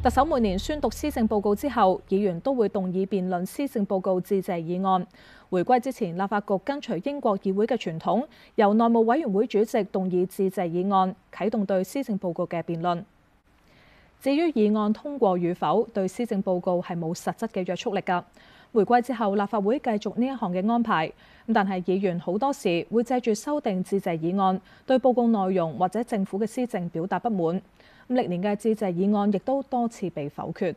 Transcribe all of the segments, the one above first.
特首每年宣讀施政報告之後，議員都會動議辯論施政報告致謝議案。回歸之前，立法局跟隨英國議會嘅傳統，由內務委員會主席動議致謝議案，啟動對施政報告嘅辯論。至於議案通過與否，對施政報告係冇實質嘅約束力噶。回歸之後，立法會繼續呢一項嘅安排，但係議員好多時會借住修訂致謝議案，對報告內容或者政府嘅施政表達不滿。歷年嘅致謝議案亦都多次被否決。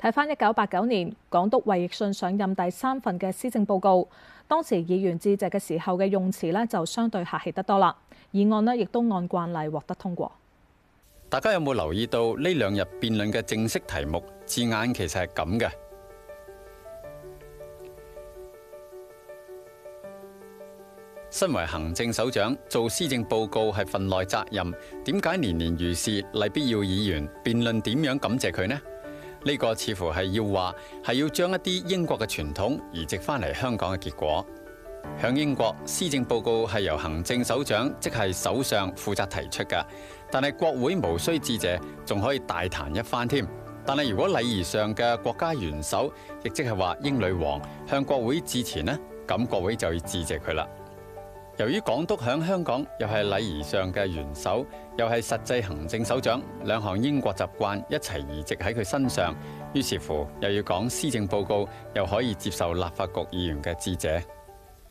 睇翻，一九八九年港督衛奕信上任第三份嘅施政報告，當時議員致謝嘅時候嘅用詞呢就相對客氣得多啦。議案呢亦都按慣例獲得通過。大家有冇留意到呢兩日辯論嘅正式題目字眼其實係咁嘅？身為行政首長做施政報告係份內責任，點解年年如是？例必要議員辯論點樣感謝佢呢？呢、這個似乎係要話係要將一啲英國嘅傳統移植翻嚟香港嘅結果。響英國施政報告係由行政首長即係首相負責提出嘅，但係國會無需致謝，仲可以大談一番添。但係如果禮儀上嘅國家元首，亦即係話英女王向國會致辭呢，咁國會就要致謝佢啦。由於港督喺香港又係禮儀上嘅元首，又係實際行政首長，兩項英國習慣一齊移植喺佢身上，於是乎又要講施政報告，又可以接受立法局議員嘅致謝。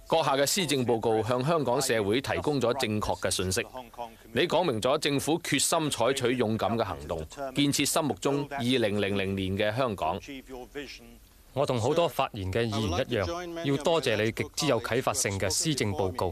閣下嘅施政報告向香港社會提供咗正確嘅信息，你講明咗政府決心採取勇敢嘅行動，建設心目中二零零零年嘅香港。我同好多發言嘅議員一樣，要多謝你極之有啟發性嘅施政報告。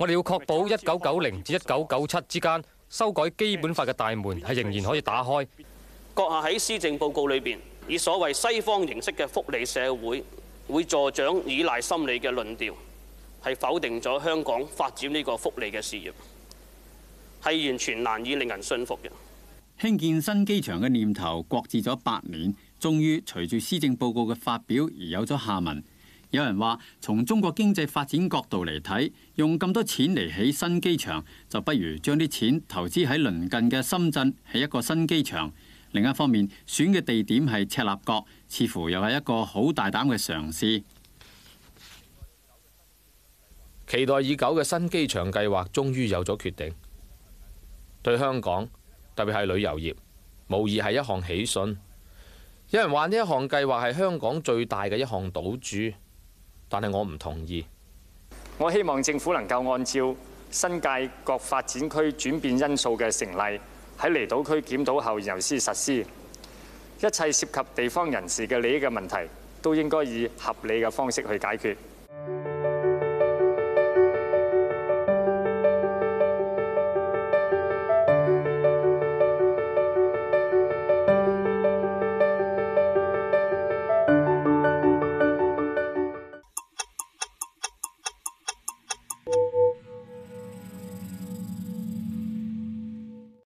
我哋要確保一九九零至一九九七之間修改基本法嘅大門係仍然可以打開。閣下喺施政報告裏邊以所謂西方形式嘅福利社會會助長依賴心理嘅論調，係否定咗香港發展呢個福利嘅事業，係完全難以令人信服嘅。興建新機場嘅念頭擱置咗八年，終於隨住施政報告嘅發表而有咗下文。有人話，從中國經濟發展角度嚟睇，用咁多錢嚟起新機場，就不如將啲錢投資喺鄰近嘅深圳起一個新機場。另一方面，選嘅地點係赤鱲角，似乎又係一個好大膽嘅嘗試。期待已久嘅新機場計劃終於有咗決定，對香港，特別係旅遊業，無疑係一項喜訊。有人話呢一項計劃係香港最大嘅一項賭注。但係我唔同意。我希望政府能夠按照新界各發展區轉變因素嘅成例，喺離島區檢討後，然後先實施。一切涉及地方人士嘅利益嘅問題，都應該以合理嘅方式去解決。